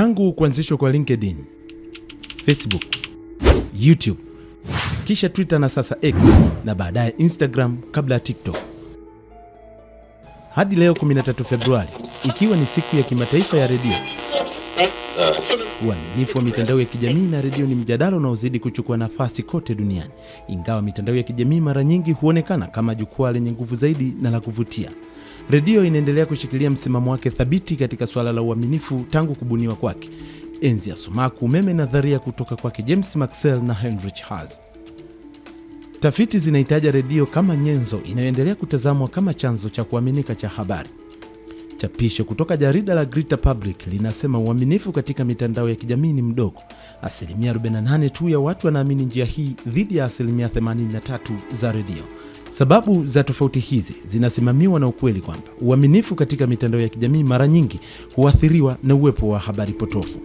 Tangu kuanzishwa kwa LinkedIn, Facebook, YouTube, kisha Twitter na sasa X na baadaye Instagram kabla ya TikTok. Hadi leo 13 Februari, ikiwa ni siku ya kimataifa ya redio. Uaminifu wa mitandao ya kijamii na redio ni mjadala unaozidi kuchukua nafasi kote duniani, ingawa mitandao ya kijamii mara nyingi huonekana kama jukwaa lenye nguvu zaidi na la kuvutia. Redio inaendelea kushikilia msimamo wake thabiti katika suala la uaminifu tangu kubuniwa kwake, enzi ya sumaku, umeme, nadharia kutoka kwake James maxel na henrich hars Tafiti zinahitaja redio kama nyenzo inayoendelea kutazamwa kama chanzo cha kuaminika cha habari. Chapisho kutoka jarida la grita Public linasema uaminifu katika mitandao ya kijamii ni mdogo. Asilimia 48 tu ya watu wanaamini njia hii dhidi ya asilimia 83 za redio. Sababu za tofauti hizi zinasimamiwa na ukweli kwamba uaminifu katika mitandao ya kijamii mara nyingi huathiriwa na uwepo wa habari potofu.